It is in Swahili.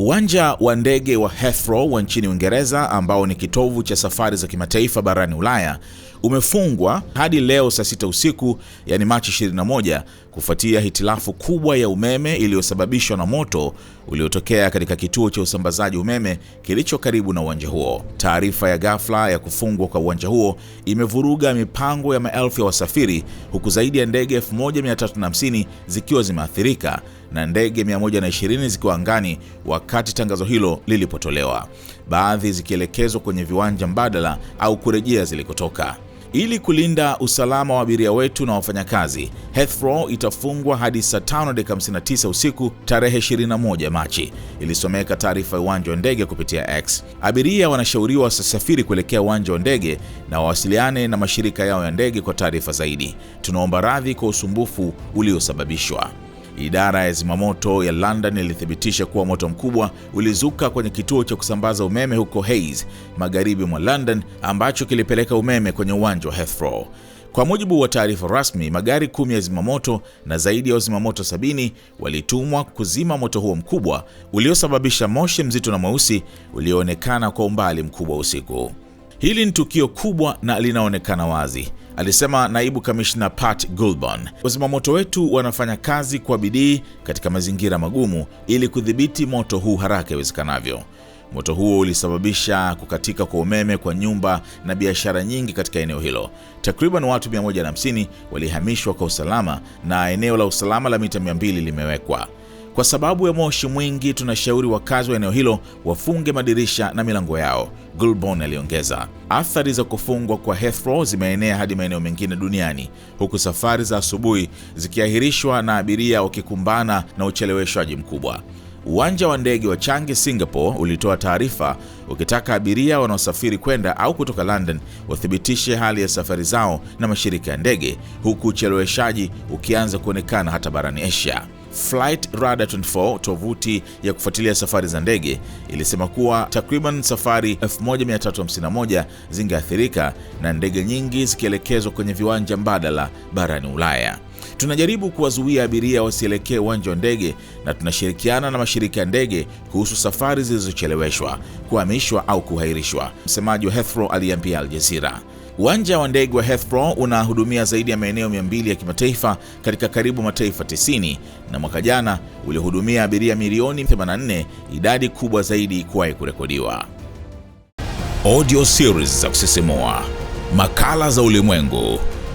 Uwanja wa ndege wa Heathrow wa nchini Uingereza ambao ni kitovu cha safari za kimataifa barani Ulaya umefungwa hadi leo saa sita usiku, yani Machi 21, kufuatia hitilafu kubwa ya umeme iliyosababishwa na moto uliotokea katika kituo cha usambazaji umeme kilicho karibu na uwanja huo. Taarifa ya ghafla ya kufungwa kwa uwanja huo imevuruga mipango ya maelfu ya wasafiri, huku zaidi ya ndege 1350 zikiwa zimeathirika na ndege 120 zikiwa angani wakati tangazo hilo lilipotolewa, baadhi zikielekezwa kwenye viwanja mbadala au kurejea zilikotoka. Ili kulinda usalama wa abiria wetu na wafanyakazi, Heathrow itafungwa hadi saa 5:59 usiku tarehe 21 Machi, ilisomeka taarifa ya uwanja wa ndege kupitia X. Abiria wanashauriwa wasafiri kuelekea uwanja wa ndege na wawasiliane na mashirika yao ya ndege kwa taarifa zaidi. Tunaomba radhi kwa usumbufu uliosababishwa. Idara ya zimamoto ya London ilithibitisha kuwa moto mkubwa ulizuka kwenye kituo cha kusambaza umeme huko Hayes, magharibi mwa London, ambacho kilipeleka umeme kwenye uwanja wa Heathrow. Kwa mujibu wa taarifa rasmi, magari kumi ya zimamoto na zaidi ya wazimamoto sabini walitumwa kuzima moto huo mkubwa uliosababisha moshi mzito na mweusi ulioonekana kwa umbali mkubwa usiku. Hili ni tukio kubwa na linaonekana wazi, alisema naibu kamishna Pat Gulbon. Wazimamoto wetu wanafanya kazi kwa bidii katika mazingira magumu ili kudhibiti moto huu haraka iwezekanavyo. Moto huo ulisababisha kukatika kwa umeme kwa nyumba na biashara nyingi katika eneo hilo. Takriban watu 150 walihamishwa kwa usalama na eneo la usalama la mita 200 limewekwa. Kwa sababu ya moshi mwingi, tunashauri wakazi wa eneo hilo wafunge madirisha na milango yao, Gulbon aliongeza. Athari za kufungwa kwa Heathrow zimeenea hadi maeneo mengine duniani, huku safari za asubuhi zikiahirishwa na abiria wakikumbana na ucheleweshwaji mkubwa. Uwanja wa ndege wa Changi Singapore ulitoa taarifa ukitaka abiria wanaosafiri kwenda au kutoka London wathibitishe hali ya safari zao na mashirika ya ndege, huku ucheleweshaji ukianza kuonekana hata barani Asia. Flight Radar 24, tovuti ya kufuatilia safari za ndege, ilisema kuwa takriban safari 1351 zingeathirika na ndege nyingi zikielekezwa kwenye viwanja mbadala barani Ulaya. Tunajaribu kuwazuia abiria wasielekee uwanja wa ndege na tunashirikiana na mashirika ya ndege kuhusu safari zilizocheleweshwa, kuhamishwa au kuhairishwa, msemaji wa Heathrow aliambia Al Jazeera. Uwanja wa ndege wa Heathrow unahudumia zaidi ya maeneo 200 ya kimataifa katika karibu mataifa 90 na mwaka jana ulihudumia abiria milioni 84, idadi kubwa zaidi kuwahi kurekodiwa. Audio series za kusisimua, makala za ulimwengu